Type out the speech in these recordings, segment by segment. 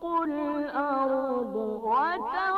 تشقق الأرض وتغير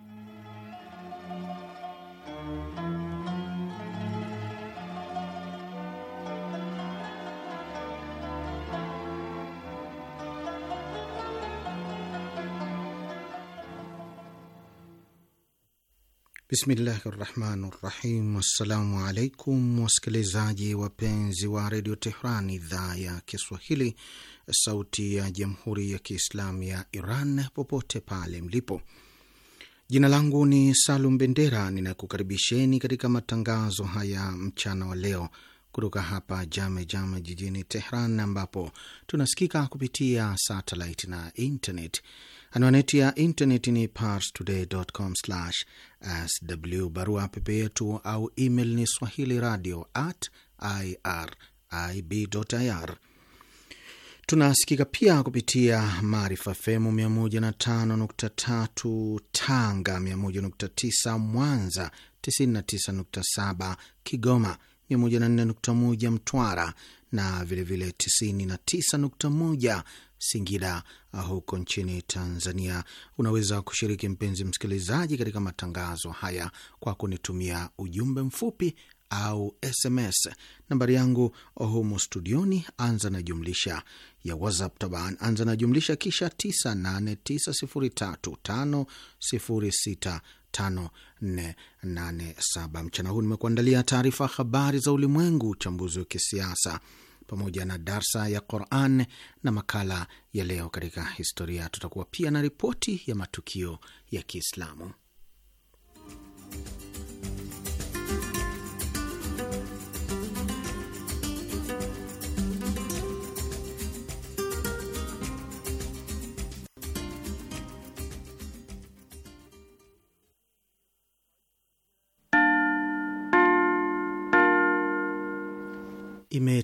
Bismillahi rahmani rahim. Assalamu alaikum wasikilizaji wapenzi wa redio Tehran, idhaa ya Kiswahili, sauti ya jamhuri ya kiislamu ya Iran, popote pale mlipo. Jina langu ni Salum Bendera, ninakukaribisheni katika matangazo haya mchana wa leo kutoka hapa Jame Jame jijini Tehran, ambapo tunasikika kupitia satellite na internet. Anwani ya internet ni parstoday.com/sw. Barua pepe yetu au email ni swahili radio at irib.ir. Tunasikika pia kupitia Maarifa FM 105.3 Tanga, 101.9 Mwanza, 99.7 Kigoma, 104.1 Mtwara na vilevile 99.1 Singida uh, huko nchini Tanzania. Unaweza kushiriki mpenzi msikilizaji, katika matangazo haya kwa kunitumia ujumbe mfupi au SMS nambari yangu uh, humu studioni, anza na jumlisha ya WhatsApp taban, anza na jumlisha kisha 989035065 5487. Mchana huu nimekuandalia taarifa habari za ulimwengu, uchambuzi wa kisiasa pamoja na darsa ya Quran na makala ya leo katika historia. Tutakuwa pia na ripoti ya matukio ya Kiislamu.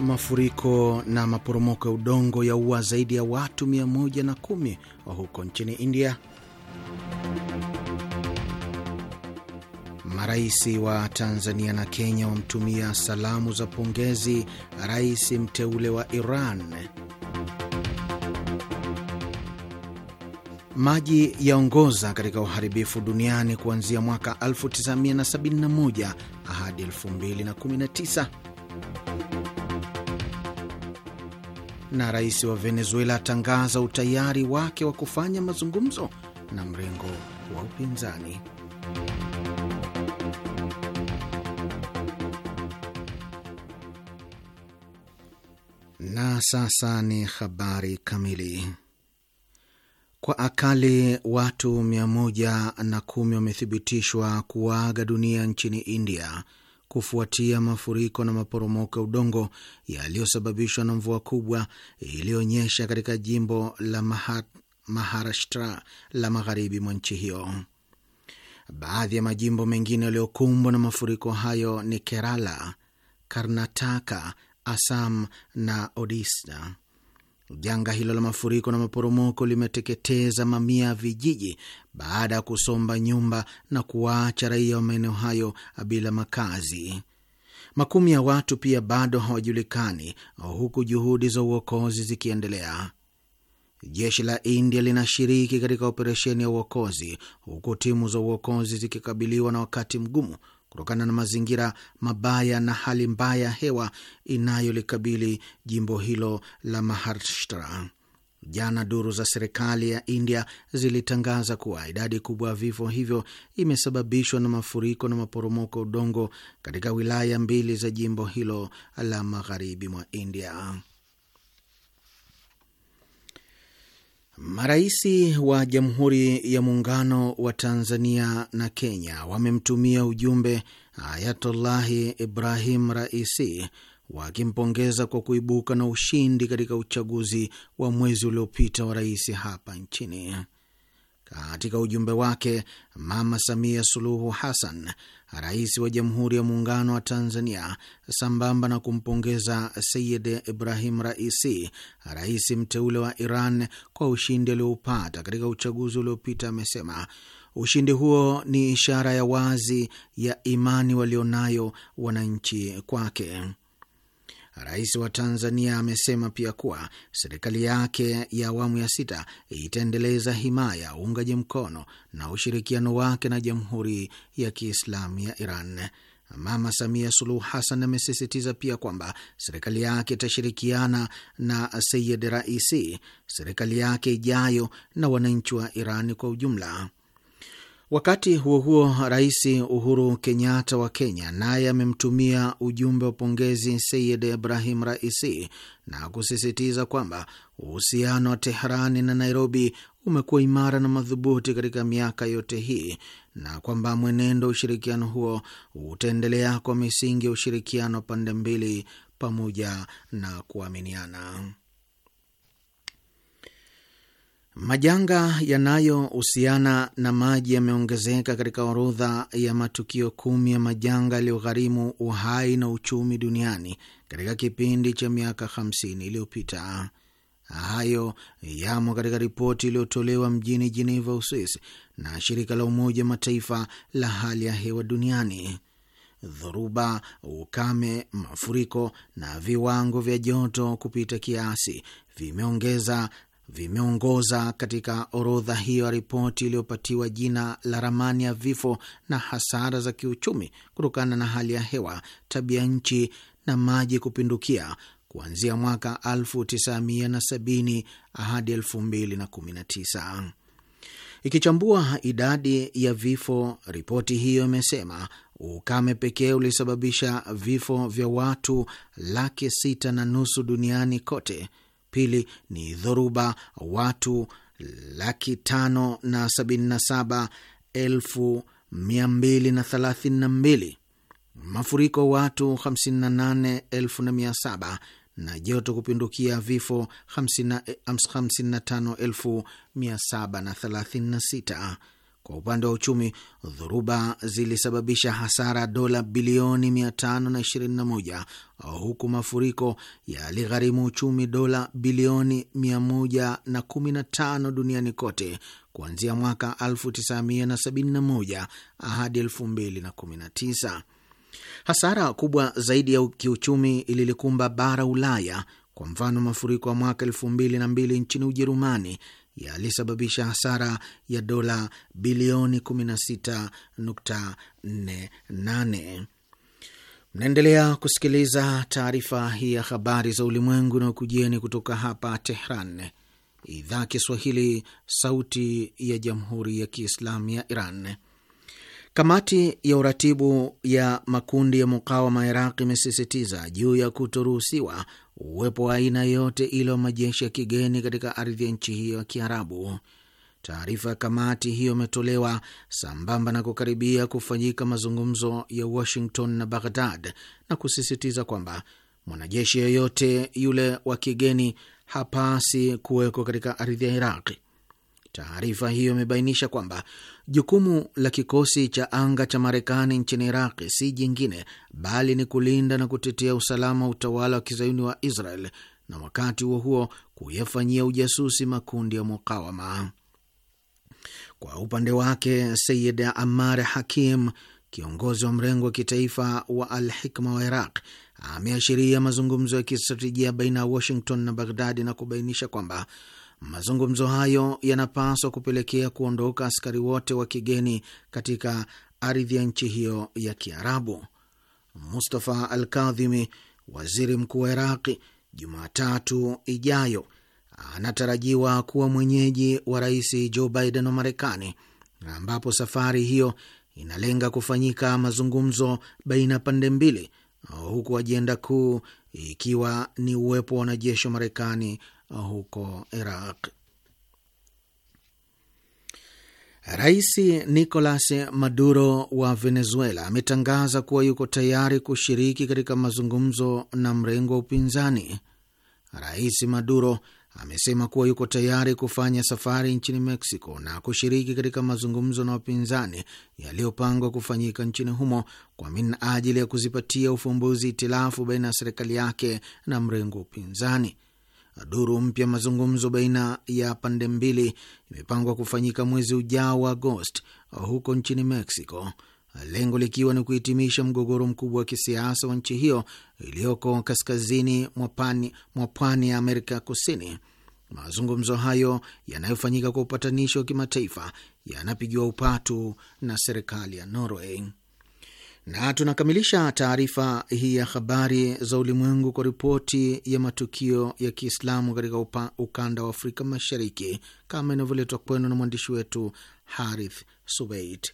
Mafuriko na maporomoko ya udongo yaua zaidi ya watu 110 wa huko nchini India. Marais wa Tanzania na Kenya wamtumia salamu za pongezi rais mteule wa Iran. Maji yaongoza katika uharibifu duniani kuanzia mwaka 1971 hadi 2019 na rais wa Venezuela atangaza utayari wake wa kufanya mazungumzo na mrengo wa upinzani. Na sasa ni habari kamili. Kwa akali watu mia wamethibitishwa kuaga dunia nchini India kufuatia mafuriko na maporomoko ya udongo yaliyosababishwa na mvua kubwa iliyonyesha katika jimbo la Mahat, Maharashtra la magharibi mwa nchi hiyo. Baadhi ya majimbo mengine yaliyokumbwa na mafuriko hayo ni Kerala, Karnataka, Assam na Odisha. Janga hilo la mafuriko na maporomoko limeteketeza mamia ya vijiji baada ya kusomba nyumba na kuwaacha raia wa maeneo hayo bila makazi. Makumi ya watu pia bado hawajulikani, huku juhudi za uokozi zikiendelea. Jeshi la India linashiriki katika operesheni ya uokozi, huku timu za uokozi zikikabiliwa na wakati mgumu kutokana na mazingira mabaya na hali mbaya ya hewa inayolikabili jimbo hilo la Maharashtra. Jana duru za serikali ya India zilitangaza kuwa idadi kubwa ya vifo hivyo imesababishwa na mafuriko na maporomoko udongo katika wilaya mbili za jimbo hilo la magharibi mwa India. Maraisi wa Jamhuri ya Muungano wa Tanzania na Kenya wamemtumia ujumbe Ayatullahi Ibrahim Raisi wakimpongeza kwa kuibuka na ushindi katika uchaguzi wa mwezi uliopita wa rais hapa nchini. Katika ujumbe wake, Mama Samia Suluhu Hassan, rais wa Jamhuri ya Muungano wa Tanzania, sambamba na kumpongeza sayid Ibrahim Raisi, rais mteule wa Iran, kwa ushindi alioupata katika uchaguzi uliopita, amesema ushindi huo ni ishara ya wazi ya imani walionayo wananchi kwake. Rais wa Tanzania amesema pia kuwa serikali yake ya awamu ya sita itaendeleza himaya, uungaji mkono na ushirikiano wake na Jamhuri ya Kiislamu ya Iran. Mama Samia Suluhu Hassan amesisitiza pia kwamba serikali yake itashirikiana na Sayid Raisi, serikali yake ijayo na wananchi wa Iran kwa ujumla. Wakati huo huo, Rais Uhuru Kenyatta wa Kenya naye amemtumia ujumbe wa pongezi Seyid Ibrahim Raisi na kusisitiza kwamba uhusiano wa Teherani na Nairobi umekuwa imara na madhubuti katika miaka yote hii na kwamba mwenendo wa ushirikiano huo utaendelea kwa misingi ya ushirikiano pande mbili pamoja na kuaminiana. Majanga yanayohusiana na maji yameongezeka katika orodha ya matukio kumi ya majanga yaliyogharimu uhai na uchumi duniani katika kipindi cha miaka 50 iliyopita. Hayo yamo katika ripoti iliyotolewa mjini Geneva, Uswisi, na shirika la Umoja Mataifa la hali ya hewa duniani. Dhoruba, ukame, mafuriko na viwango vya joto kupita kiasi vimeongeza vimeongoza katika orodha hiyo ya ripoti iliyopatiwa jina la ramani ya vifo na hasara za kiuchumi kutokana na hali ya hewa, tabia nchi na maji kupindukia kuanzia mwaka 1970 hadi 2019. Ikichambua idadi ya vifo, ripoti hiyo imesema ukame pekee ulisababisha vifo vya watu laki sita na nusu duniani kote pili ni dhoruba watu laki tano na sabini na saba elfu mia mbili na thelathini na mbili mafuriko watu hamsini na nane elfu na mia saba na joto kupindukia vifo hamsini na eh, tano elfu mia saba na thelathini na sita kwa upande wa uchumi, dhoruba zilisababisha hasara dola bilioni 521 huku mafuriko yaligharimu uchumi dola bilioni 115 duniani kote kuanzia mwaka 1971 hadi 2019. Hasara kubwa zaidi ya kiuchumi ililikumba bara Ulaya. Kwa mfano, mafuriko ya mwaka elfu mbili na mbili nchini Ujerumani yalisababisha hasara ya dola bilioni 16.48. Mnaendelea kusikiliza taarifa hii ya habari za ulimwengu na ukujieni kutoka hapa Tehran, idhaa Kiswahili, sauti ya jamhuri ya kiislamu ya Iran. Kamati ya uratibu ya makundi ya mukawama Iraq imesisitiza juu ya kutoruhusiwa uwepo wa aina yote ile wa majeshi ya kigeni katika ardhi ya nchi hiyo ya Kiarabu. Taarifa ya kamati hiyo imetolewa sambamba na kukaribia kufanyika mazungumzo ya Washington na Baghdad na kusisitiza kwamba mwanajeshi yeyote yule wa kigeni hapasi kuwekwa katika ardhi ya Iraqi. Taarifa hiyo imebainisha kwamba jukumu la kikosi cha anga cha Marekani nchini Iraqi si jingine bali ni kulinda na kutetea usalama wa utawala wa kizayuni wa Israel na wakati huo huo kuyafanyia ujasusi makundi ya mukawama. Kwa upande wake, Sayid Amar Hakim, kiongozi wa mrengo wa kitaifa wa Al Hikma wa Iraq, ameashiria mazungumzo ya kistratejia baina ya Washington na Baghdadi na kubainisha kwamba Mazungumzo hayo yanapaswa kupelekea kuondoka askari wote wa kigeni katika ardhi ya nchi hiyo ya Kiarabu. Mustafa Al Kadhimi, waziri mkuu wa Iraqi, Jumatatu ijayo anatarajiwa kuwa mwenyeji wa rais Joe Biden wa Marekani, ambapo safari hiyo inalenga kufanyika mazungumzo baina ya pande mbili, huku ajenda kuu ikiwa ni uwepo wa wanajeshi wa Marekani huko Iraq. Rais Nicolas Maduro wa Venezuela ametangaza kuwa yuko tayari kushiriki katika mazungumzo na mrengo wa upinzani. Rais Maduro amesema kuwa yuko tayari kufanya safari nchini Mexico na kushiriki katika mazungumzo na wapinzani yaliyopangwa kufanyika nchini humo kwa minajili ya kuzipatia ufumbuzi itilafu baina ya serikali yake na mrengo wa upinzani. Duru mpya mazungumzo baina ya pande mbili imepangwa kufanyika mwezi ujao wa Agosti huko nchini Mexico, lengo likiwa ni kuhitimisha mgogoro mkubwa wa kisiasa wa nchi hiyo iliyoko kaskazini mwa pwani ya Amerika Kusini. Mazungumzo hayo yanayofanyika kwa upatanishi wa kimataifa yanapigiwa upatu na serikali ya Norway. Na tunakamilisha taarifa hii ya habari za ulimwengu kwa ripoti ya matukio ya Kiislamu katika ukanda wa Afrika Mashariki kama inavyoletwa kwenu na mwandishi wetu Harith Subeit.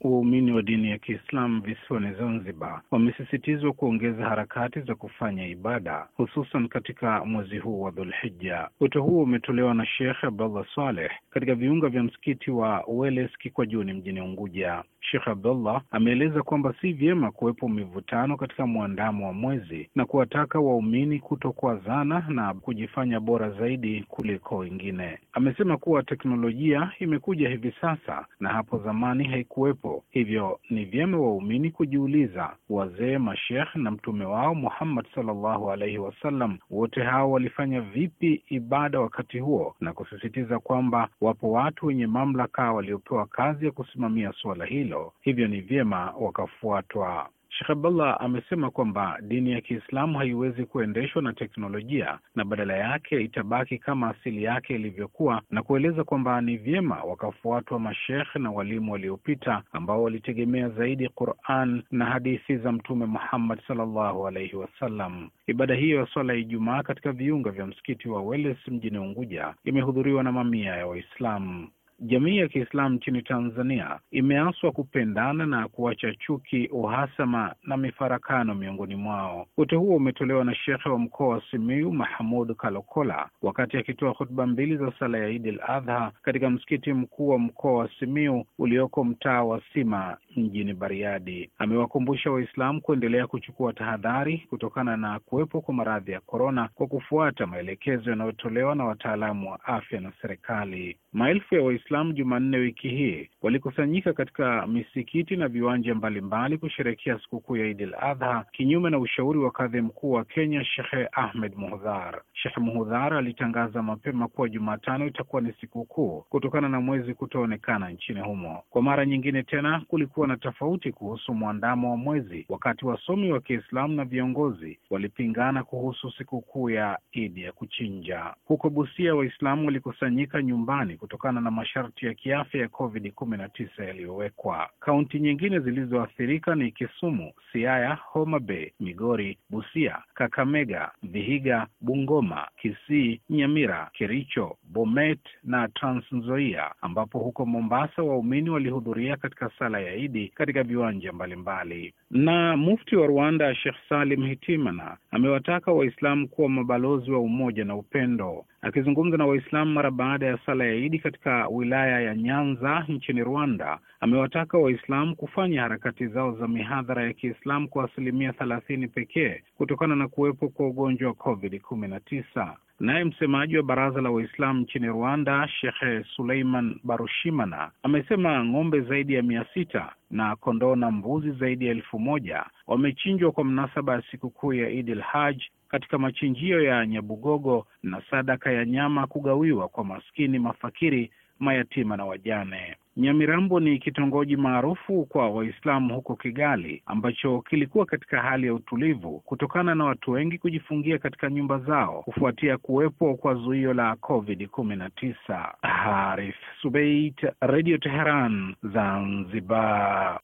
Waumini wa dini ya Kiislamu visiwani Zanzibar wamesisitizwa kuongeza harakati za kufanya ibada hususan katika mwezi huu wa Dhulhija. Wito huo umetolewa na Sheikh Abdallah Saleh katika viunga vya msikiti wa Weles Kikwajuni mjini Unguja. Sheikh Abdullah ameeleza kwamba si vyema kuwepo mivutano katika mwandamo wa mwezi na kuwataka waumini kutokwazana na kujifanya bora zaidi kuliko wengine. Amesema kuwa teknolojia imekuja hivi sasa na hapo zamani haikuwepo, hivyo ni vyema waumini kujiuliza, wazee, mashekh na mtume wao Muhammad sallallahu alaihi wasallam, wote hao walifanya vipi ibada wakati huo, na kusisitiza kwamba wapo watu wenye mamlaka waliopewa kazi ya kusimamia suala hilo hivyo ni vyema wakafuatwa. Sheikh Abdallah amesema kwamba dini ya Kiislamu haiwezi kuendeshwa na teknolojia na badala yake itabaki kama asili yake ilivyokuwa, na kueleza kwamba ni vyema wakafuatwa mashekhe na walimu waliopita ambao walitegemea zaidi Quran na hadithi za Mtume Muhammad sallallahu alaihi wasallam. Ibada hiyo ya swala ya Ijumaa katika viunga vya msikiti wa Welles mjini Unguja imehudhuriwa na mamia ya Waislamu. Jamii ya Kiislamu nchini Tanzania imeaswa kupendana na kuacha chuki, uhasama na mifarakano miongoni mwao. Wote huo umetolewa na shekhe wa mkoa wa simiu Mahamud Kalokola wakati akitoa hutuba mbili za sala ya Idi l Adha katika msikiti mkuu wa mkoa wa simiu ulioko mtaa wa Sima mjini Bariadi. Amewakumbusha Waislamu kuendelea kuchukua tahadhari kutokana na kuwepo kwa maradhi ya korona kwa kufuata maelekezo yanayotolewa na wataalamu wa afya na serikali. Maelfu ya Waislamu Jumanne wiki hii walikusanyika katika misikiti na viwanja mbalimbali kusherehekea sikukuu ya idil Adha, kinyume na ushauri wa kadhi mkuu wa Kenya Shekhe Ahmed Muhdhar. Shekhe Muhdhar alitangaza mapema kuwa Jumatano itakuwa ni sikukuu kutokana na mwezi kutoonekana nchini humo. Kwa mara nyingine tena, kulikuwa na tofauti kuhusu mwandamo wa mwezi, wakati wasomi wa Kiislamu na viongozi walipingana kuhusu sikukuu ya Idi ya kuchinja. Huko Busia, Waislamu walikusanyika nyumbani kutokana na masharti ya kiafya ya COVID 19 yaliyowekwa. Kaunti nyingine zilizoathirika ni Kisumu, Siaya, Homa Bay, Migori, Busia, Kakamega, Vihiga, Bungoma, Kisii, Nyamira, Kericho, Bomet na Trans Nzoia, ambapo huko Mombasa waumini walihudhuria katika sala ya Idi katika viwanja mbalimbali. Na mufti wa Rwanda Sheikh Salim Hitimana amewataka Waislamu kuwa mabalozi wa umoja na upendo. Akizungumza na Waislamu mara baada ya sala ya Idi zaidi katika wilaya ya Nyanza nchini Rwanda amewataka Waislamu kufanya harakati zao za mihadhara ya Kiislamu kwa asilimia thelathini pekee kutokana na kuwepo kwa ugonjwa wa COVID kumi na tisa. Naye msemaji wa baraza la Waislamu nchini Rwanda, Shekhe Suleiman Barushimana, amesema ng'ombe zaidi ya mia sita na kondoo na mbuzi zaidi ya elfu moja wamechinjwa kwa mnasaba ya sikukuu ya Idi l Haj katika machinjio ya Nyabugogo na sadaka ya nyama kugawiwa kwa maskini, mafakiri mayatima na wajane. Nyamirambo ni kitongoji maarufu kwa Waislamu huko Kigali ambacho kilikuwa katika hali ya utulivu kutokana na watu wengi kujifungia katika nyumba zao kufuatia kuwepo kwa zuio la Covid kumi na tisa. Harith Subeit, Radio Teheran, Zanzibar.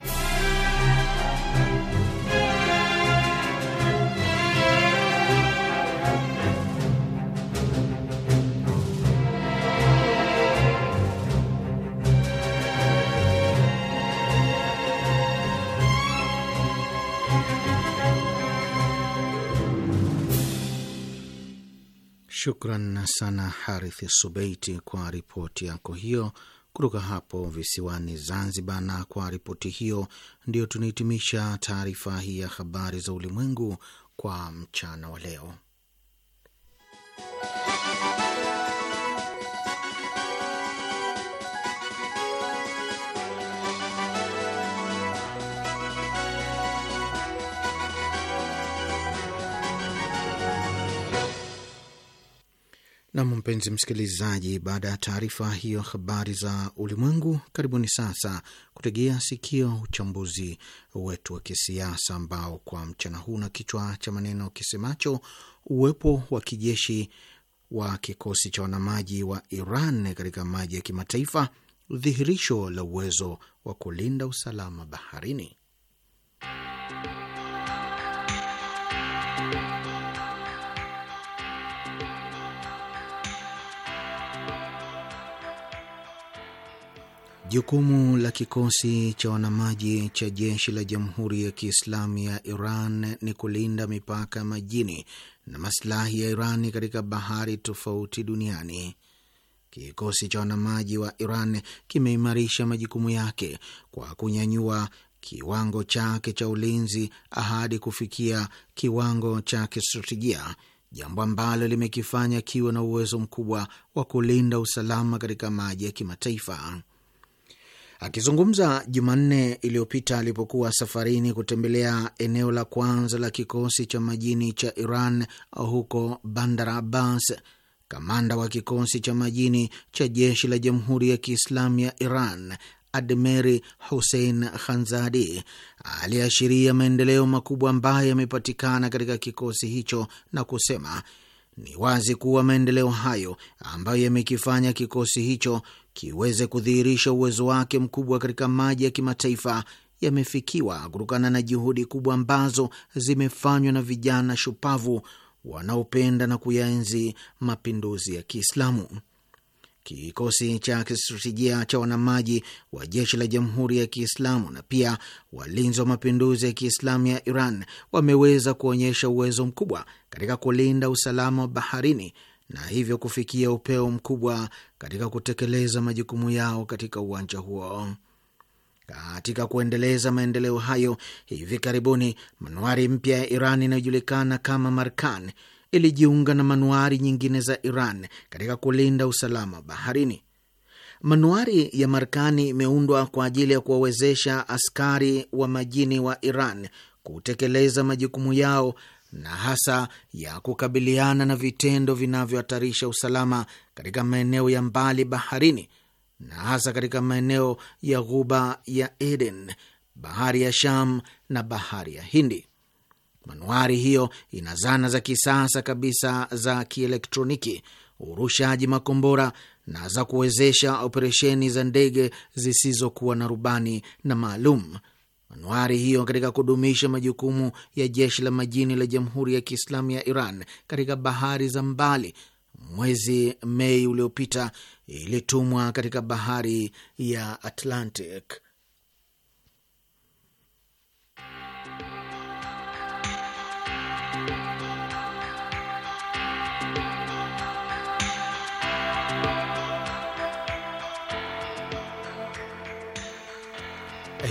Shukran sana Harith Subeiti kwa ripoti yako hiyo kutoka hapo visiwani Zanzibar. Na kwa ripoti hiyo ndiyo tunahitimisha taarifa hii ya habari za ulimwengu kwa mchana wa leo. Nam, mpenzi msikilizaji, baada ya taarifa hiyo habari za ulimwengu, karibuni sasa kutegea sikio uchambuzi wetu wa kisiasa ambao kwa mchana huu na kichwa cha maneno kisemacho uwepo wa kijeshi wa kikosi cha wanamaji wa Iran katika maji ya kimataifa, dhihirisho la uwezo wa kulinda usalama baharini. Jukumu la kikosi cha wanamaji cha jeshi la Jamhuri ya Kiislamu ya Iran ni kulinda mipaka ya majini na maslahi ya Iran katika bahari tofauti duniani. Kikosi cha wanamaji wa Iran kimeimarisha majukumu yake kwa kunyanyua kiwango chake cha ulinzi hadi kufikia kiwango cha kistratejia, jambo ambalo limekifanya kiwe na uwezo mkubwa wa kulinda usalama katika maji ya kimataifa. Akizungumza Jumanne iliyopita alipokuwa safarini kutembelea eneo la kwanza la kikosi cha majini cha Iran huko Bandar Abbas, kamanda wa kikosi cha majini cha jeshi la Jamhuri ya Kiislamu ya Iran Admeri Hussein Khanzadi aliashiria maendeleo makubwa ambayo yamepatikana katika kikosi hicho na kusema ni wazi kuwa maendeleo hayo ambayo yamekifanya kikosi hicho kiweze kudhihirisha uwezo wake mkubwa katika maji ya kimataifa yamefikiwa kutokana na juhudi kubwa ambazo zimefanywa na vijana shupavu wanaopenda na kuyaenzi mapinduzi ya Kiislamu. Kikosi cha kistratejia cha wanamaji wa jeshi la Jamhuri ya Kiislamu na pia walinzi wa mapinduzi ya Kiislamu ya Iran wameweza kuonyesha uwezo mkubwa katika kulinda usalama wa baharini na hivyo kufikia upeo mkubwa katika kutekeleza majukumu yao katika uwanja huo. Katika kuendeleza maendeleo hayo, hivi karibuni manuari mpya ya Iran inayojulikana kama Markan ilijiunga na manuari nyingine za Iran katika kulinda usalama baharini. Manuari ya markani imeundwa kwa ajili ya kuwawezesha askari wa majini wa Iran kutekeleza majukumu yao na hasa ya kukabiliana na vitendo vinavyohatarisha usalama katika maeneo ya mbali baharini na hasa katika maeneo ya ghuba ya Eden, bahari ya Sham na bahari ya Hindi. Manuari hiyo ina zana za kisasa kabisa za kielektroniki, urushaji makombora na za kuwezesha operesheni za ndege zisizokuwa na rubani na maalum nwari hiyo katika kudumisha majukumu ya jeshi la majini la Jamhuri ya Kiislamu ya Iran katika bahari za mbali, mwezi Mei uliopita ilitumwa katika bahari ya Atlantic.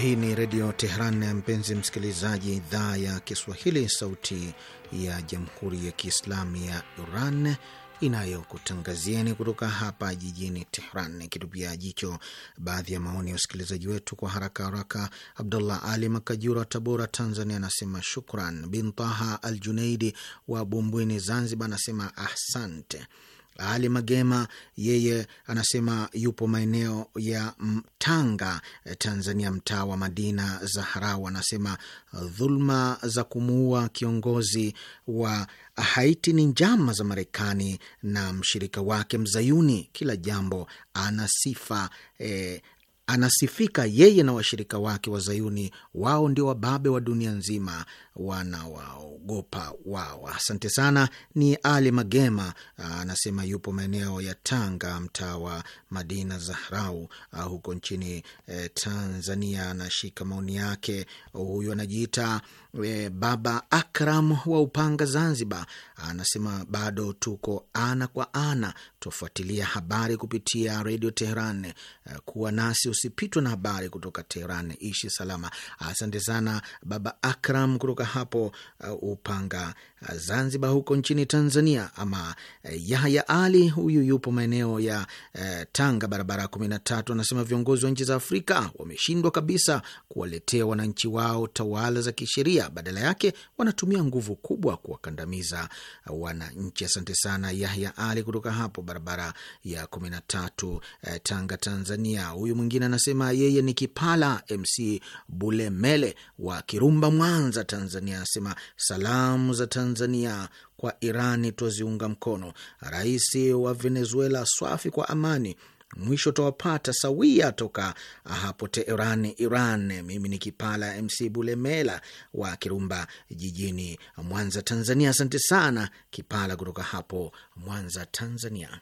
Hii ni Redio Tehran, mpenzi msikilizaji, idhaa ya Kiswahili, sauti ya Jamhuri ya Kiislamu ya Iran inayokutangazieni kutoka hapa jijini Tehran, ikitupia jicho baadhi ya maoni ya wasikilizaji wetu kwa haraka haraka. Abdullah Ali Makajura, Tabora, Tanzania, anasema shukran. bintaha aljuneidi Al Junaidi wa Bumbwini, Zanzibar, anasema ahsante. Ali Magema yeye anasema yupo maeneo ya Tanga, eh, Tanzania, mtaa wa Madina Zaharau. Anasema dhulma za kumuua kiongozi wa Haiti ni njama za Marekani na mshirika wake mzayuni. Kila jambo ana sifa eh, anasifika yeye na washirika wake wa zayuni Wao ndio wababe wa dunia nzima, wanawaogopa wao. Asante sana. Ni Ali Magema ah, anasema yupo maeneo ya Tanga, mtaa wa Madina Zahrau ah, huko nchini eh, Tanzania. Anashika maoni yake huyu, anajiita eh, Baba Akram wa Upanga, Zanzibar. Anasema bado tuko ana kwa ana, tufuatilia habari kupitia Redio Teheran. Ah, kuwa nasi usipitwe na habari kutoka Teheran. Ishi salama. Asante sana Baba Akram kutoka hapo uh, Upanga, Zanzibar huko nchini Tanzania. Ama eh, Yahya Ali huyu yupo maeneo ya eh, Tanga, barabara ya kumi na tatu, anasema viongozi wa nchi za Afrika wameshindwa kabisa kuwaletea wananchi wao tawala za kisheria, badala yake wanatumia nguvu kubwa kuwakandamiza wananchi. Asante sana Yahya Ali kutoka hapo barabara ya kumi na tatu, eh, Tanga, Tanzania. Huyu mwingine anasema yeye ni Kipala MC Bulemele wa Kirumba, Mwanza, Tanzania, anasema salamu za Tanzania Tanzania kwa Irani twaziunga mkono. Rais wa Venezuela swafi kwa amani. Mwisho tawapata sawia toka hapo Teheran, Iran. Mimi ni Kipala MC Bulemela wa Kirumba jijini Mwanza, Tanzania. Asante sana Kipala kutoka hapo Mwanza, Tanzania.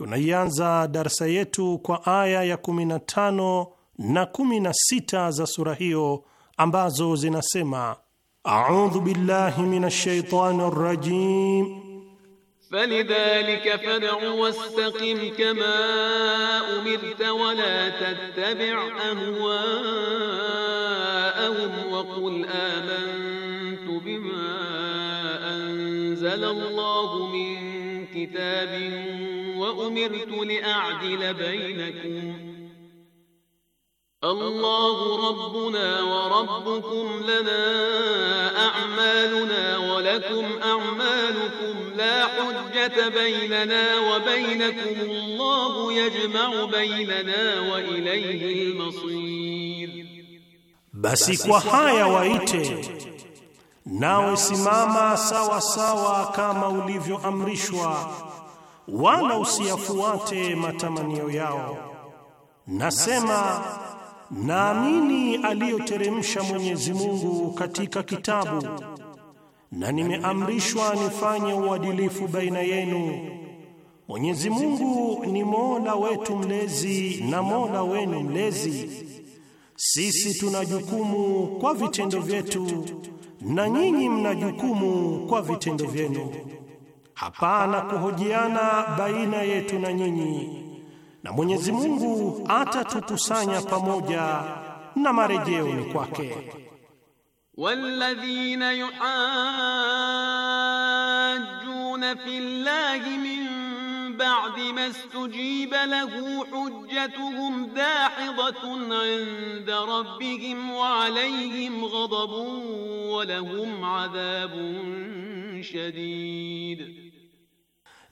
Tunaianza darsa yetu kwa aya ya 15 na 16 za sura hiyo ambazo zinasema: audhu billahi minash shaitani rajim falidhalika fad'u wastaqim kama umirta wala tattabi' ahwaahum wa amantu bima anzala Allahu min kitabin وأمرت لأعدل بينكم الله ربنا وربكم لنا أعمالنا ولكم أعمالكم لا حجة بيننا وبينكم الله يجمع بيننا وإليه المصير بس kwa وإيتي waite nawe simama sawa sawa kama amrishwa wala usiyafuate matamanio yao. Nasema, naamini aliyoteremsha Mwenyezi Mungu katika kitabu, na nimeamrishwa nifanye uadilifu baina yenu. Mwenyezi Mungu ni Mola wetu mlezi na Mola wenu mlezi. Sisi tuna jukumu kwa vitendo vyetu na nyinyi mna jukumu kwa vitendo vyenu hapana kuhojiana baina yetu na nyinyi, na Mwenyezi Mungu atatukusanya pamoja na marejeo ni kwake. walladhina yuhajjuna fillahi min ba'di mastujiba lahu hujjatuhum dahidatun 'inda rabbihim wa 'alayhim ghadabun wa lahum 'adhabun shadid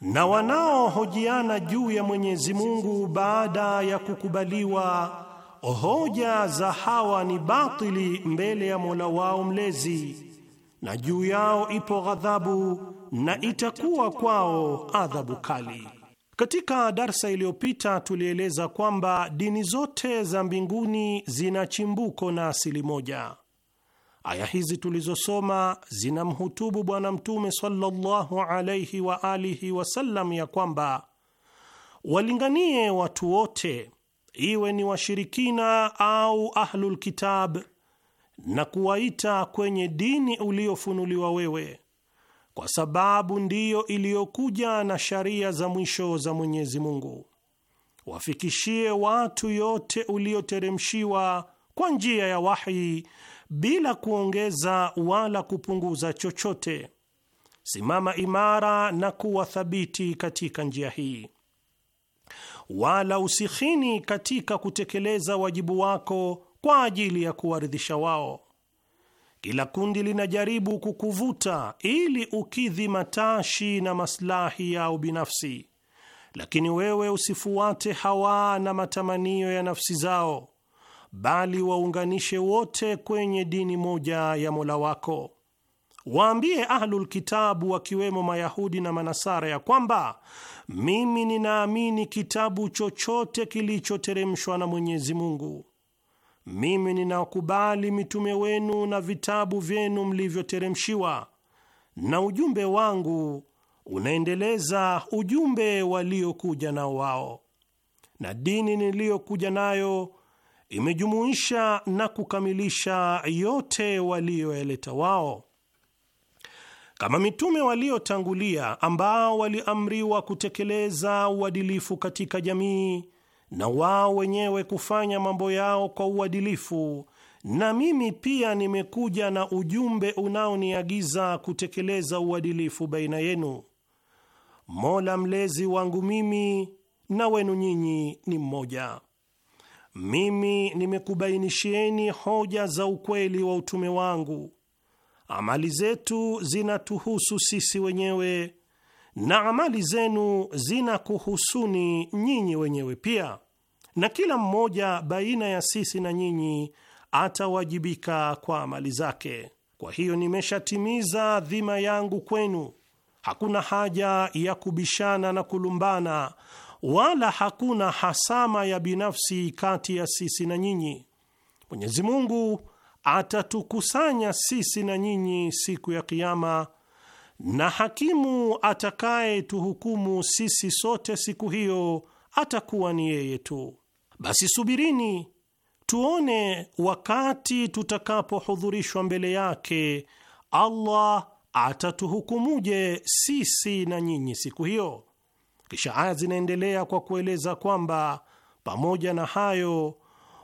na wanaohojiana juu ya Mwenyezi Mungu baada ya kukubaliwa hoja za hawa ni batili mbele ya Mola wao mlezi, na juu yao ipo ghadhabu na itakuwa kwao adhabu kali. Katika darsa iliyopita tulieleza kwamba dini zote za mbinguni zina chimbuko na asili moja. Aya hizi tulizosoma zinamhutubu Bwana Mtume sallallahu alaihi wa alihi wasallam ya kwamba walinganie watu wote, iwe ni washirikina au ahlulkitab, na kuwaita kwenye dini uliofunuliwa wewe, kwa sababu ndiyo iliyokuja na sharia za mwisho za Mwenyezi Mungu. Wafikishie watu yote ulioteremshiwa kwa njia ya wahi bila kuongeza wala kupunguza chochote. Simama imara na kuwa thabiti katika njia hii, wala usikhini katika kutekeleza wajibu wako kwa ajili ya kuwaridhisha wao. Kila kundi linajaribu kukuvuta ili ukidhi matashi na maslahi yao binafsi, lakini wewe usifuate hawa na matamanio ya nafsi zao bali waunganishe wote kwenye dini moja ya Mola wako. Waambie Ahlulkitabu wakiwemo Mayahudi na Manasara ya kwamba mimi ninaamini kitabu chochote kilichoteremshwa na Mwenyezi Mungu. Mimi ninakubali mitume wenu na vitabu vyenu mlivyoteremshiwa, na ujumbe wangu unaendeleza ujumbe waliokuja nao wao, na dini niliyokuja nayo imejumuisha na kukamilisha yote waliyoyaleta wao kama mitume waliotangulia ambao waliamriwa kutekeleza uadilifu katika jamii na wao wenyewe kufanya mambo yao kwa uadilifu. Na mimi pia nimekuja na ujumbe unaoniagiza kutekeleza uadilifu baina yenu. Mola mlezi wangu mimi na wenu nyinyi ni mmoja. Mimi nimekubainishieni hoja za ukweli wa utume wangu. Amali zetu zinatuhusu sisi wenyewe na amali zenu zinakuhusuni nyinyi wenyewe pia, na kila mmoja baina ya sisi na nyinyi atawajibika kwa amali zake. Kwa hiyo nimeshatimiza dhima yangu kwenu, hakuna haja ya kubishana na kulumbana wala hakuna hasama ya binafsi kati ya sisi na nyinyi. Mwenyezi Mungu atatukusanya sisi na nyinyi siku ya Kiama, na hakimu atakayetuhukumu sisi sote siku hiyo atakuwa ni yeye tu. Basi subirini tuone wakati tutakapohudhurishwa mbele yake, Allah atatuhukumuje sisi na nyinyi siku hiyo. Kisha aya zinaendelea kwa kueleza kwamba pamoja na hayo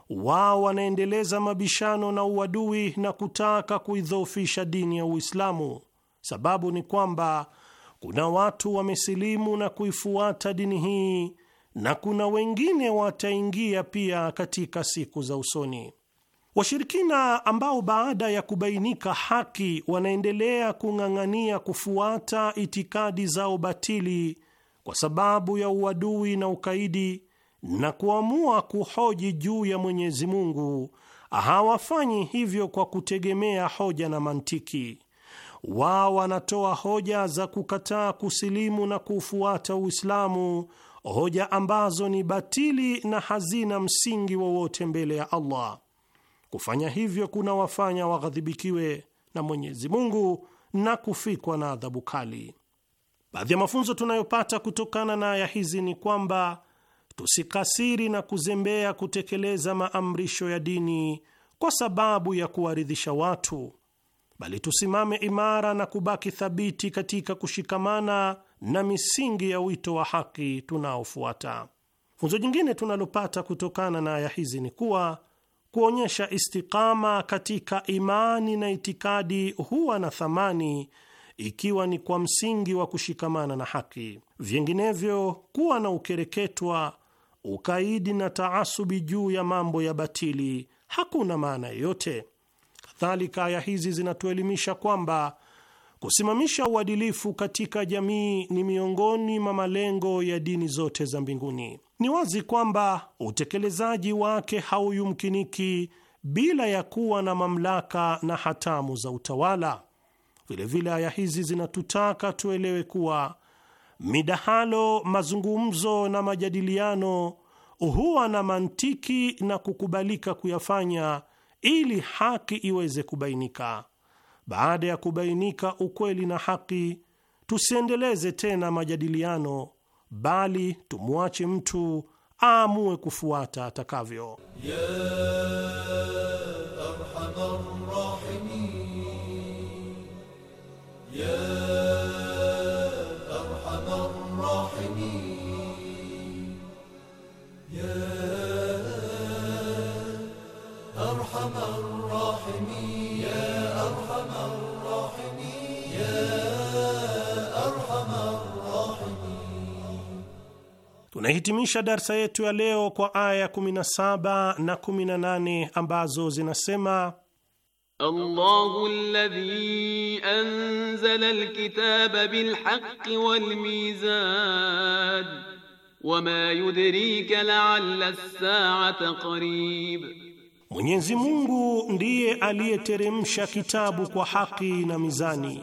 wao wanaendeleza mabishano na uadui na kutaka kuidhoofisha dini ya Uislamu. Sababu ni kwamba kuna watu wamesilimu na kuifuata dini hii na kuna wengine wataingia pia katika siku za usoni. Washirikina ambao baada ya kubainika haki wanaendelea kung'ang'ania kufuata itikadi zao batili kwa sababu ya uadui na ukaidi na kuamua kuhoji juu ya Mwenyezi Mungu, hawafanyi hivyo kwa kutegemea hoja na mantiki. Wao wanatoa hoja za kukataa kusilimu na kuufuata Uislamu, hoja ambazo ni batili na hazina msingi wowote mbele ya Allah. Kufanya hivyo kuna wafanya waghadhibikiwe na Mwenyezi Mungu na kufikwa na adhabu kali. Baadhi ya mafunzo tunayopata kutokana na aya hizi ni kwamba tusikasiri na kuzembea kutekeleza maamrisho ya dini kwa sababu ya kuwaridhisha watu, bali tusimame imara na kubaki thabiti katika kushikamana na misingi ya wito wa haki tunaofuata. Funzo jingine tunalopata kutokana na aya hizi ni kuwa kuonyesha istikama katika imani na itikadi huwa na thamani ikiwa ni kwa msingi wa kushikamana na haki. Vinginevyo, kuwa na ukereketwa, ukaidi na taasubi juu ya mambo ya batili hakuna maana yoyote. Kadhalika, aya hizi zinatuelimisha kwamba kusimamisha uadilifu katika jamii ni miongoni mwa malengo ya dini zote za mbinguni. Ni wazi kwamba utekelezaji wake hauyumkiniki bila ya kuwa na mamlaka na hatamu za utawala. Vilevile aya hizi zinatutaka tuelewe kuwa midahalo, mazungumzo na majadiliano huwa na mantiki na kukubalika kuyafanya ili haki iweze kubainika. Baada ya kubainika ukweli na haki, tusiendeleze tena majadiliano, bali tumwache mtu aamue kufuata atakavyo yeah, Tunahitimisha darsa yetu ya leo kwa aya 17 na 18 ambazo zinasema Allahu alladhi anzala alkitaba bilhaqqi walmizan wama yudrika la'alla as-sa'ata qarib, Mwenyezi Mungu ndiye aliyeteremsha kitabu kwa haki na mizani,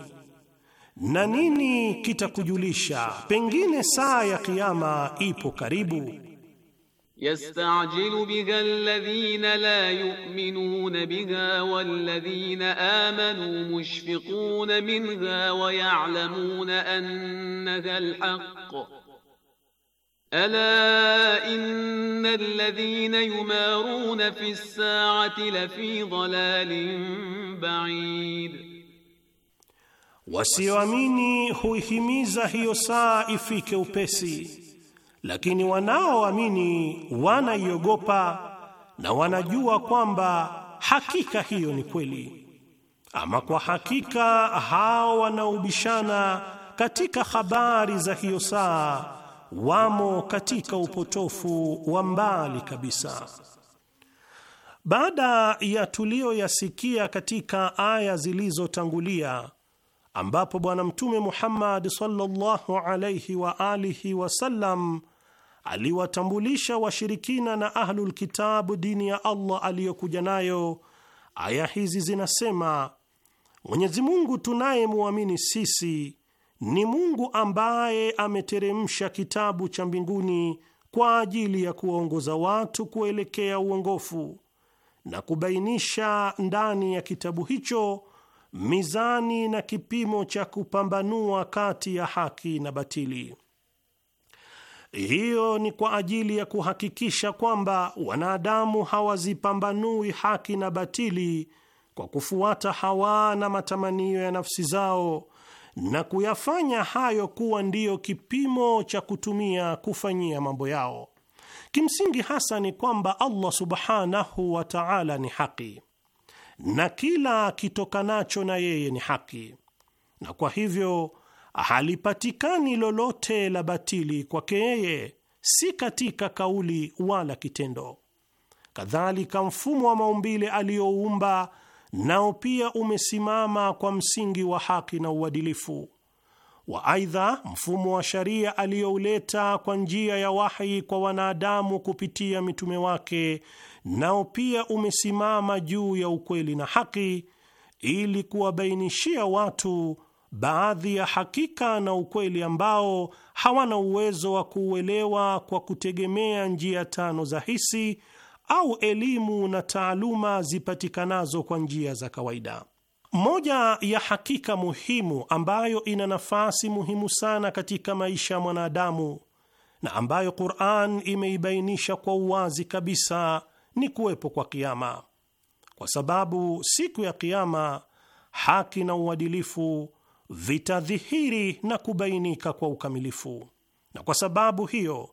na nini kitakujulisha pengine saa ya kiyama ipo karibu. يستعجل بها الذين لا يؤمنون بها والذين آمنوا مشفقون منها ويعلمون أنها الحق ألا إن الذين يمارون في الساعة لفي ضلال بعيد wasioamini huihimiza hiyo saa ifike upesi lakini wanaoamini wanaiogopa na wanajua kwamba hakika hiyo ni kweli. Ama kwa hakika hao wanaobishana katika habari za hiyo saa wamo katika upotofu wa mbali kabisa. Baada ya tuliyoyasikia katika aya zilizotangulia, ambapo Bwana Mtume Muhammad sallallahu alayhi wa alihi wasallam aliwatambulisha washirikina na ahlul kitabu dini ya Allah aliyokuja nayo. Aya hizi zinasema Mwenyezi Mungu tunayemwamini sisi ni Mungu ambaye ameteremsha kitabu cha mbinguni kwa ajili ya kuwaongoza watu kuelekea uongofu na kubainisha ndani ya kitabu hicho mizani na kipimo cha kupambanua kati ya haki na batili. Hiyo ni kwa ajili ya kuhakikisha kwamba wanadamu hawazipambanui haki na batili kwa kufuata hawa na matamanio ya nafsi zao na kuyafanya hayo kuwa ndiyo kipimo cha kutumia kufanyia mambo yao. Kimsingi hasa ni kwamba Allah subhanahu wa ta'ala ni haki na kila kitokanacho na yeye ni haki, na kwa hivyo halipatikani lolote la batili kwake yeye, si katika kauli wala kitendo. Kadhalika, mfumo wa maumbile aliyoumba nao pia umesimama kwa msingi wa haki na uadilifu wa. Aidha, mfumo wa sharia aliyouleta kwa njia ya wahi kwa wanadamu kupitia mitume wake nao pia umesimama juu ya ukweli na haki, ili kuwabainishia watu baadhi ya hakika na ukweli ambao hawana uwezo wa kuuelewa kwa kutegemea njia tano za hisi au elimu na taaluma zipatikanazo kwa njia za kawaida. Moja ya hakika muhimu ambayo ina nafasi muhimu sana katika maisha ya mwanadamu na ambayo Qur'an imeibainisha kwa uwazi kabisa ni kuwepo kwa kiama, kwa sababu siku ya kiama haki na uadilifu vitadhihiri na kubainika kwa ukamilifu. Na kwa sababu hiyo,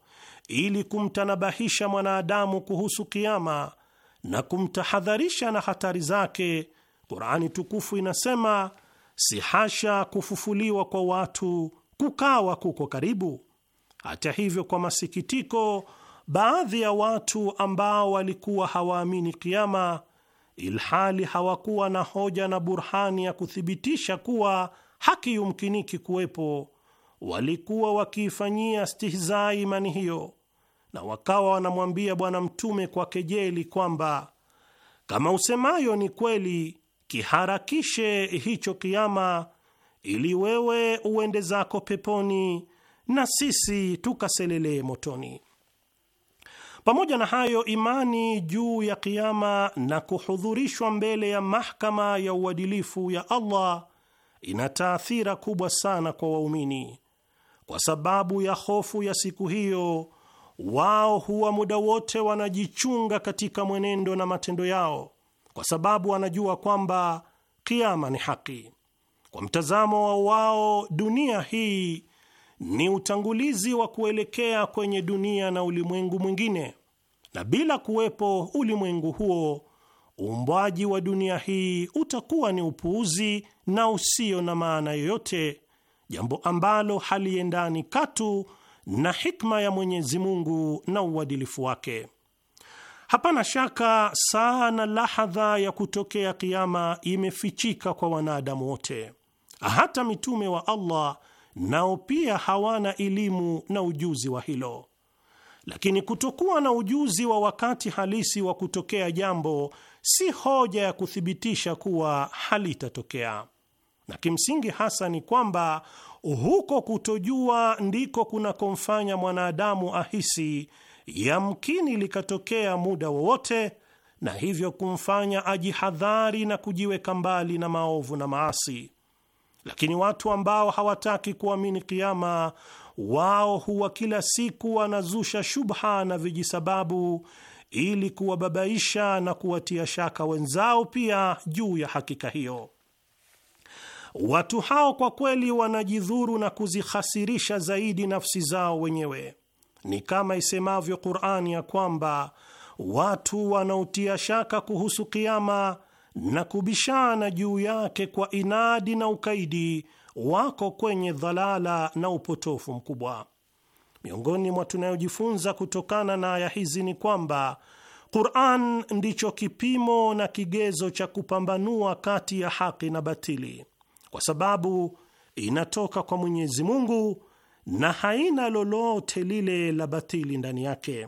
ili kumtanabahisha mwanadamu kuhusu kiama na kumtahadharisha na hatari zake, Qur'ani tukufu inasema si hasha kufufuliwa kwa watu kukawa kuko karibu. Hata hivyo, kwa masikitiko, baadhi ya watu ambao walikuwa hawaamini kiama, ilhali hawakuwa na hoja na burhani ya kuthibitisha kuwa hakiyumkiniki kuwepo, walikuwa wakiifanyia stihzaa imani hiyo, na wakawa wanamwambia Bwana Mtume kwa kejeli kwamba kama usemayo ni kweli, kiharakishe hicho kiama, ili wewe uende zako peponi na sisi tukaselelee motoni. Pamoja na hayo, imani juu ya kiama na kuhudhurishwa mbele ya mahakama ya uadilifu ya Allah ina taathira kubwa sana kwa waumini. Kwa sababu ya hofu ya siku hiyo, wao huwa muda wote wanajichunga katika mwenendo na matendo yao, kwa sababu wanajua kwamba kiama ni haki. Kwa mtazamo wa wao, dunia hii ni utangulizi wa kuelekea kwenye dunia na ulimwengu mwingine, na bila kuwepo ulimwengu huo uumbwaji wa dunia hii utakuwa ni upuuzi na usio na maana yoyote, jambo ambalo haliendani katu na hikma ya Mwenyezi Mungu na uadilifu wake. Hapana shaka saa na lahadha ya kutokea kiama imefichika kwa wanadamu wote, hata mitume wa Allah nao pia hawana elimu na ujuzi wa hilo. Lakini kutokuwa na ujuzi wa wakati halisi wa kutokea jambo si hoja ya kuthibitisha kuwa halitatokea, na kimsingi hasa ni kwamba huko kutojua ndiko kunakomfanya mwanadamu ahisi yamkini likatokea muda wowote, na hivyo kumfanya ajihadhari na kujiweka mbali na maovu na maasi. Lakini watu ambao hawataki kuamini kiama, wao huwa kila siku wanazusha shubha na vijisababu ili kuwababaisha na kuwatia shaka wenzao pia juu ya hakika hiyo. Watu hao kwa kweli wanajidhuru na kuzihasirisha zaidi nafsi zao wenyewe. Ni kama isemavyo Qur'ani ya kwamba watu wanaotia shaka kuhusu kiama na kubishana juu yake kwa inadi na ukaidi wako kwenye dhalala na upotofu mkubwa. Miongoni mwa tunayojifunza kutokana na aya hizi ni kwamba Qur'an ndicho kipimo na kigezo cha kupambanua kati ya haki na batili, kwa sababu inatoka kwa Mwenyezi Mungu na haina lolote lile la batili ndani yake.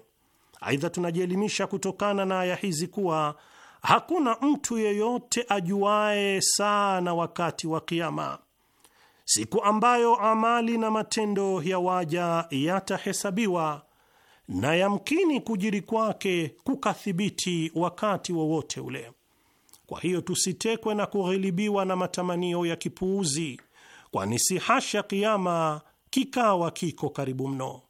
Aidha, tunajielimisha kutokana na aya hizi kuwa hakuna mtu yeyote ajuaye saa na wakati wa Kiama siku ambayo amali na matendo ya waja yatahesabiwa na yamkini kujiri kwake kukathibiti wakati wowote wa ule. Kwa hiyo tusitekwe na kughilibiwa na matamanio ya kipuuzi, kwani si hasha kiama kikawa kiko karibu mno.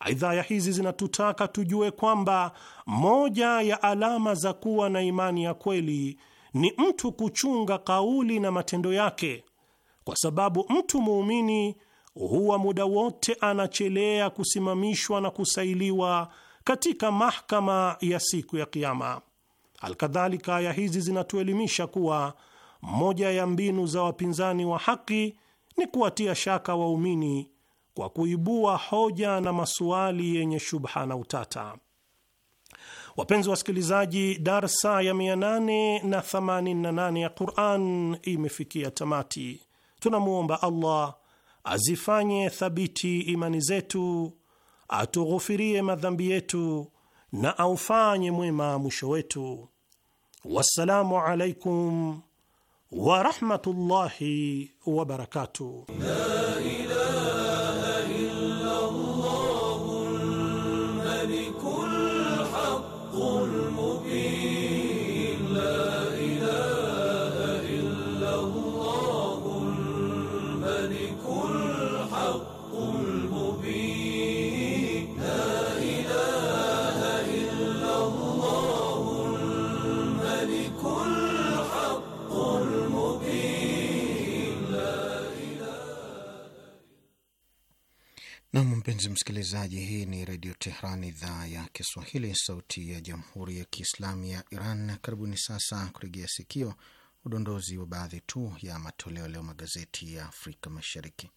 Aidha, ya hizi zinatutaka tujue kwamba moja ya alama za kuwa na imani ya kweli ni mtu kuchunga kauli na matendo yake kwa sababu mtu muumini huwa muda wote anachelea kusimamishwa na kusailiwa katika mahkama ya siku ya Kiama. Alkadhalika, aya hizi zinatuelimisha kuwa moja ya mbinu za wapinzani wa haki ni kuwatia shaka waumini kwa kuibua hoja na masuali yenye shubha na utata. Wapenzi wasikilizaji, darsa ya 888 ya Quran imefikia tamati tunamwomba Allah azifanye thabiti imani zetu, atughufirie madhambi yetu na aufanye mwema mwisho wetu. Wassalamu alaikum warahmatullahi wabarakatuh. msikilizaji, hii ni Redio Tehran, idhaa ya Kiswahili, sauti ya Jamhuri ya Kiislamu ya Iran. Karibuni sasa kuregea sikio udondozi wa baadhi tu ya matoleo leo magazeti ya Afrika Mashariki.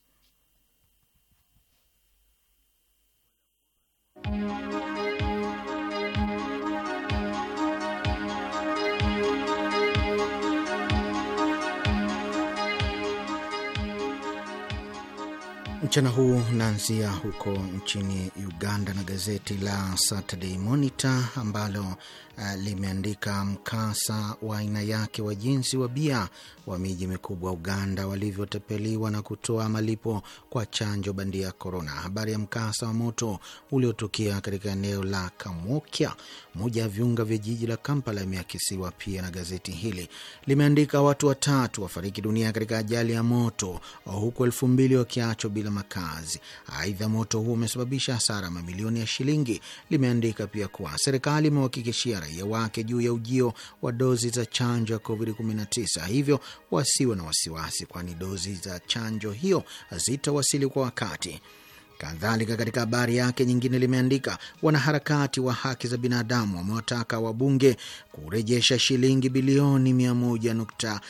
Mchana huu naanzia huko nchini Uganda na gazeti la Saturday Monitor ambalo uh, limeandika mkasa wa aina yake jinsi wa bia wa miji mikubwa Uganda walivyotepeliwa na kutoa malipo kwa chanjo bandia ya korona. Habari ya mkasa wa moto uliotokea katika eneo la Kamwokya, moja ya viunga vya jiji la Kampala, imeakisiwa pia na gazeti hili. Limeandika watu watatu wafariki dunia katika ajali ya moto, huku elfu mbili wakiachwa bila makazi. Aidha, moto huo umesababisha hasara mamilioni ya shilingi. Limeandika pia kuwa serikali imewahakikishia raia wake juu ya ujio wa dozi za chanjo ya COVID-19, hivyo wasiwe na wasiwasi, kwani dozi za chanjo hiyo zitawasili kwa wakati. Kadhalika, katika habari yake nyingine limeandika wanaharakati wa haki za binadamu wamewataka wabunge kurejesha shilingi bilioni 100 nukta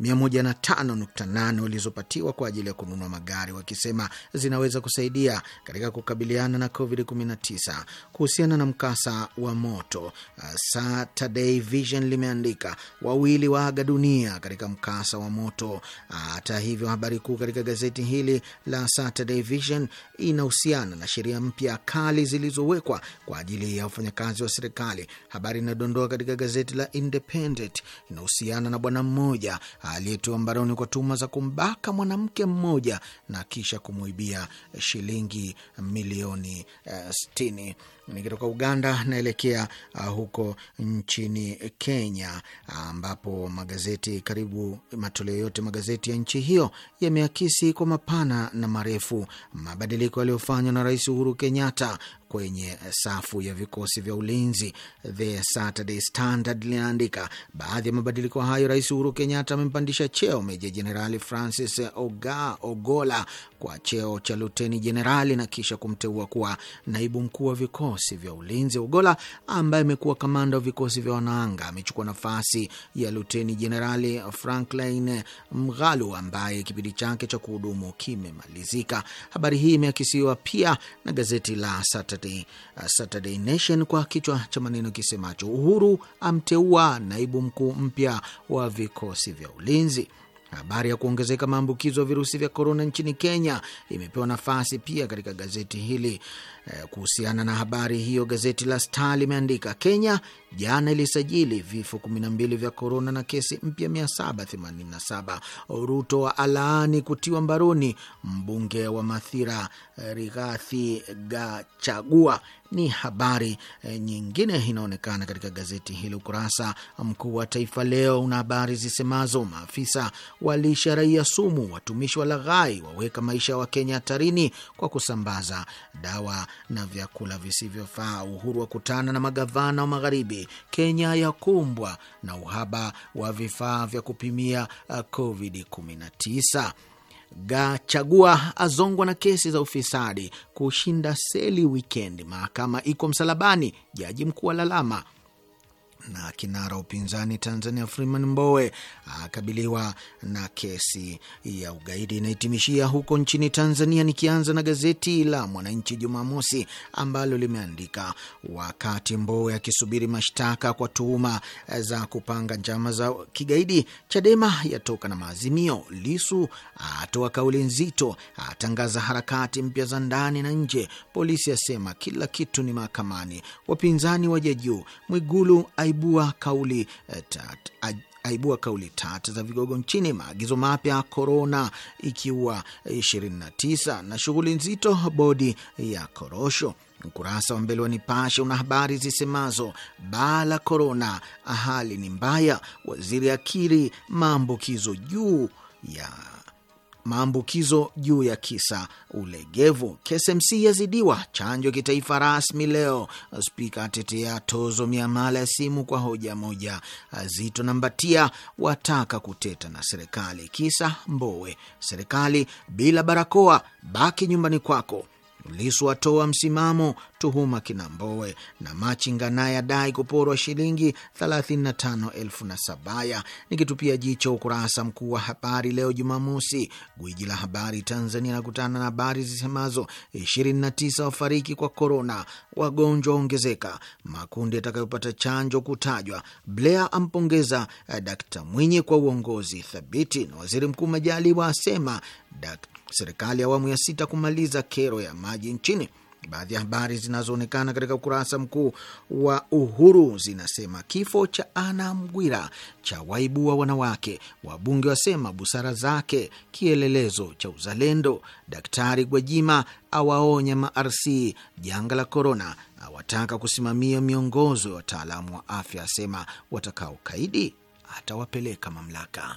105.8 walizopatiwa kwa ajili ya kununua magari, wakisema zinaweza kusaidia katika kukabiliana na COVID-19. Kuhusiana na mkasa wa moto, Saturday Vision limeandika wawili waaga dunia katika mkasa wa moto. Hata hivyo, habari kuu katika gazeti hili la Saturday Vision inahusiana na sheria mpya kali zilizowekwa kwa ajili ya wafanyakazi wa serikali. Habari inayodondoa katika gazeti la Independent inahusiana na bwana mmoja aliyetiwa mbaroni kwa tuhuma za kumbaka mwanamke mmoja na kisha kumwibia shilingi milioni eh, sitini. Nikitoka Uganda naelekea uh, huko nchini Kenya ambapo magazeti karibu matoleo yote magazeti ya nchi hiyo yameakisi kwa mapana na marefu mabadiliko yaliyofanywa na Rais Uhuru Kenyatta kwenye safu ya vikosi vya ulinzi. The Saturday Standard linaandika baadhi ya mabadiliko hayo. Rais Uhuru Kenyatta amempandisha cheo Meja Jenerali Francis Oga Ogola kwa cheo cha luteni jenerali na kisha kumteua kuwa naibu mkuu wa vikosi vikosi vya ulinzi Ugola, ambaye amekuwa kamanda wa vikosi vya wanaanga, amechukua nafasi ya luteni jenerali Franklin Mghalu ambaye kipindi chake cha kuhudumu kimemalizika. Habari hii imeakisiwa pia na gazeti la Saturday, uh, Saturday Nation kwa kichwa cha maneno kisemacho Uhuru amteua naibu mkuu mpya wa vikosi vya ulinzi. Habari ya kuongezeka maambukizo ya virusi vya korona nchini Kenya imepewa nafasi pia katika gazeti hili. Eh, kuhusiana na habari hiyo, gazeti la Star limeandika Kenya jana ilisajili vifo 12 vya korona na kesi mpya 787. Ruto wa alaani kutiwa mbaroni mbunge wa Mathira eh, Rigathi Gachagua ni habari eh, nyingine inaonekana katika gazeti hili. Ukurasa mkuu wa Taifa Leo una habari zisemazo: maafisa walisha raia sumu, watumishi wa laghai waweka maisha wa Kenya hatarini kwa kusambaza dawa na vyakula visivyofaa, Uhuru wa kutana na magavana wa magharibi, Kenya yakumbwa na uhaba wa vifaa vya kupimia uh, COVID-19, Gachagua azongwa na kesi za ufisadi, kushinda seli wikendi, mahakama iko msalabani, jaji mkuu alalama na kinara upinzani Tanzania Freeman Mbowe akabiliwa na kesi ya ugaidi. Inahitimishia huko nchini Tanzania, nikianza na gazeti la Mwananchi Jumamosi ambalo limeandika wakati Mbowe akisubiri mashtaka kwa tuhuma za kupanga njama za kigaidi, Chadema yatoka na maazimio, Lisu atoa kauli nzito, atangaza harakati mpya za ndani na nje, polisi asema kila kitu ni mahakamani, wapinzani waja juu, Mwigulu aibua kauli eh, tat, aibua kauli tata za vigogo nchini, maagizo mapya korona ikiwa 29 na shughuli nzito bodi ya korosho. Ukurasa wa mbele wa Nipashe una habari zisemazo baa la korona, hali ni mbaya, waziri akiri maambukizo juu ya maambukizo juu ya kisa ulegevu. KSMC yazidiwa chanjo kitaifa rasmi leo. Spika atetea tozo miamala ya simu kwa hoja moja. Zito na Mbatia wataka kuteta na serikali. Kisa Mbowe, serikali bila barakoa, baki nyumbani kwako. Lissu atoa msimamo tuhuma Kinambowe na Machinga naye adai kuporwa shilingi 35,000 na Sabaya. Nikitupia jicho ukurasa mkuu wa habari leo Jumamosi, gwiji la habari Tanzania nakutana na habari zisemazo 29 wafariki kwa korona, wagonjwa waongezeka, makundi yatakayopata chanjo kutajwa, Blair ampongeza eh, Dkt Mwinyi kwa uongozi thabiti, na waziri mkuu Majaliwa asema Dkt serikali ya awamu ya sita kumaliza kero ya maji nchini. Baadhi ya habari zinazoonekana katika ukurasa mkuu wa Uhuru zinasema kifo cha Ana Mgwira cha waibua wanawake, wabunge wasema busara zake kielelezo cha uzalendo, Daktari Gwajima awaonya marc janga la korona, awataka kusimamia miongozo ya wataalamu wa afya, asema watakaokaidi atawapeleka mamlaka.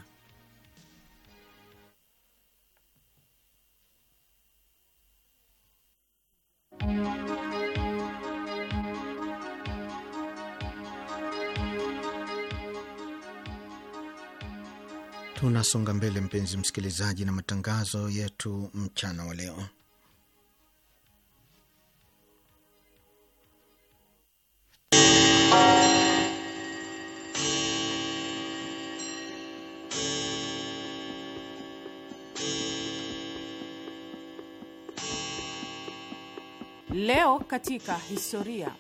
Tunasonga mbele mpenzi msikilizaji, na matangazo yetu mchana wa leo. Leo katika historia.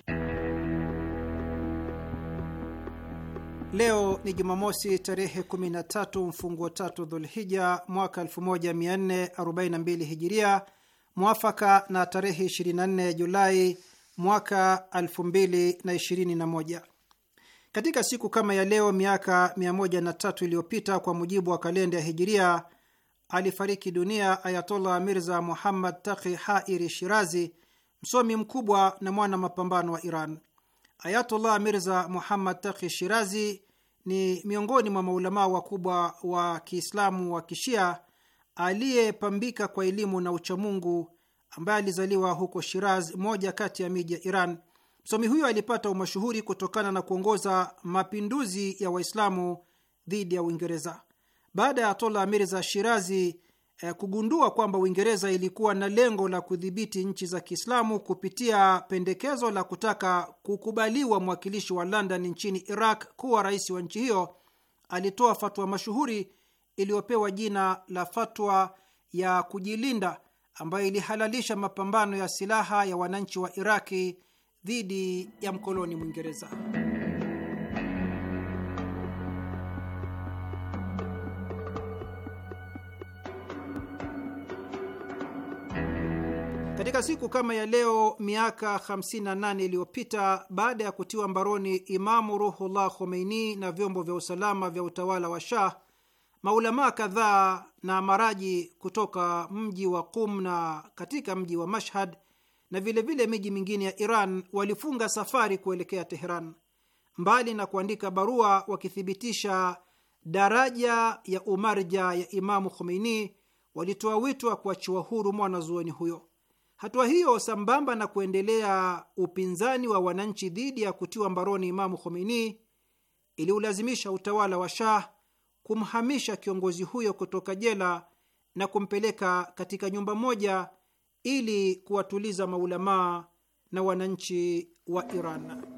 Leo ni Jumamosi, tarehe 13 mfunguo tatu Dhulhija mwaka 1442 Hijiria, mwafaka na tarehe 24 Julai mwaka 2021. Katika siku kama ya leo miaka 103 iliyopita kwa mujibu wa kalenda ya Hijiria, alifariki dunia Ayatollah Mirza Muhammad Taqi Hairi Shirazi, msomi mkubwa na mwana mapambano wa Iran. Ayatullah Mirza Muhammad taki Shirazi ni miongoni mwa maulamaa wakubwa wa Kiislamu wa Kishia aliyepambika kwa elimu na uchamungu ambaye alizaliwa huko Shiraz, moja kati ya miji ya Iran. Msomi huyo alipata umashuhuri kutokana na kuongoza mapinduzi ya Waislamu dhidi ya Uingereza. Baada ya Ayatollah Mirza Shirazi, eh, kugundua kwamba Uingereza ilikuwa na lengo la kudhibiti nchi za Kiislamu kupitia pendekezo la kutaka kukubaliwa mwakilishi wa London nchini Iraq kuwa rais wa nchi hiyo, alitoa fatwa mashuhuri iliyopewa jina la fatwa ya kujilinda, ambayo ilihalalisha mapambano ya silaha ya wananchi wa Iraki dhidi ya mkoloni Mwingereza. Katika siku kama ya leo miaka 58 iliyopita, baada ya kutiwa mbaroni Imamu Ruhullah Khomeini na vyombo vya usalama vya utawala wa Shah, maulamaa kadhaa na maraji kutoka mji wa Qum na katika mji wa Mashhad na vilevile vile miji mingine ya Iran walifunga safari kuelekea Teheran, mbali na kuandika barua wakithibitisha daraja ya umarja ya Imamu Khomeini, walitoa wito wa kuachiwa huru mwanazuoni huyo. Hatua hiyo sambamba na kuendelea upinzani wa wananchi dhidi ya kutiwa mbaroni Imamu Khomeini iliulazimisha utawala wa Shah kumhamisha kiongozi huyo kutoka jela na kumpeleka katika nyumba moja ili kuwatuliza maulamaa na wananchi wa Iran.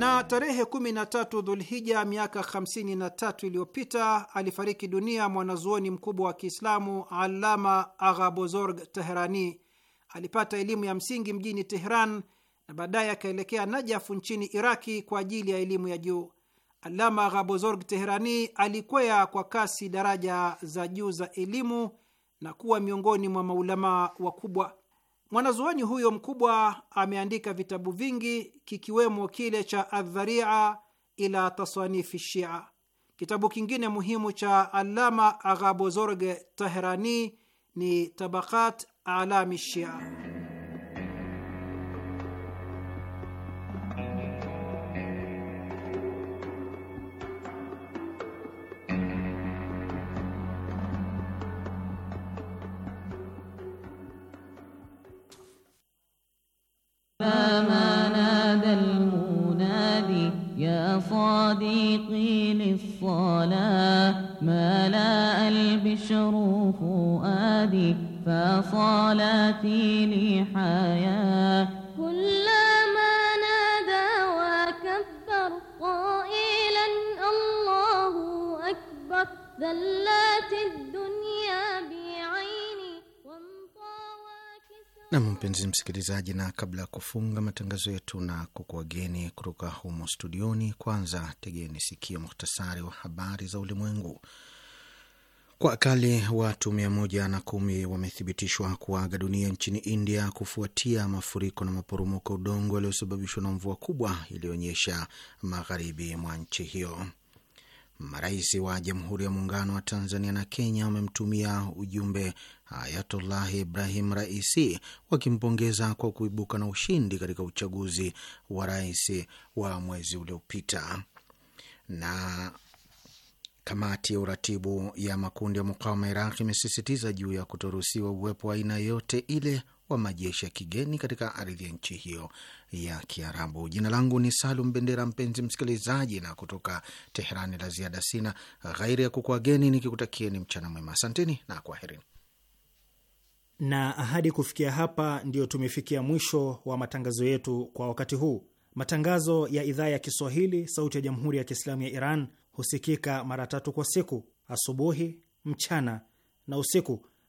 na tarehe 13 Dhulhija miaka 53 iliyopita alifariki dunia mwanazuoni mkubwa wa Kiislamu Allama Aghabozorg Teherani. Alipata elimu ya msingi mjini Teheran na baadaye akaelekea Najafu nchini Iraki kwa ajili ya elimu ya juu. Allama aghabozorg Teherani alikwea kwa kasi daraja za juu za elimu na kuwa miongoni mwa maulamaa wakubwa. Mwanazuoni huyo mkubwa ameandika vitabu vingi kikiwemo kile cha Adharia ila tasanifi Shia. Kitabu kingine muhimu cha Allama Aghabozorge Teherani ni Tabakat Alami Shia. ما نادى المنادي يا صديقي للصلاة ما لا البشر فؤادي فصلاتي لي حياة كلما نادى وكبر قائلا الله أكبر ذلت الدنيا Nam, mpenzi msikilizaji, na kabla ya kufunga matangazo yetu na kukuwageni kutoka humo studioni, kwanza tegeni sikio muhtasari wa habari za ulimwengu. Kwa akali watu mia moja na kumi wamethibitishwa kuaga dunia nchini India kufuatia mafuriko na maporomoko udongo yaliyosababishwa na mvua kubwa iliyoonyesha magharibi mwa nchi hiyo. Marais wa Jamhuri ya Muungano wa Tanzania na Kenya wamemtumia ujumbe Ayatullah Ibrahim Raisi wakimpongeza kwa kuibuka na ushindi katika uchaguzi wa rais wa mwezi uliopita. Na kamati ya uratibu ya makundi ya mukawama Iraq imesisitiza juu ya kutoruhusiwa uwepo wa aina yyote ile wa majeshi ya kigeni katika ardhi ya nchi hiyo ya Kiarabu. Jina langu ni Salum Bendera, mpenzi msikilizaji, na kutoka Teherani la ziada sina ghairi ya kukuageni nikikutakieni mchana mwema. Asanteni na kwaherini na ahadi. Kufikia hapa, ndiyo tumefikia mwisho wa matangazo yetu kwa wakati huu. Matangazo ya idhaa ya Kiswahili sauti ya jamhuri ya Kiislamu ya Iran husikika mara tatu kwa siku: asubuhi, mchana na usiku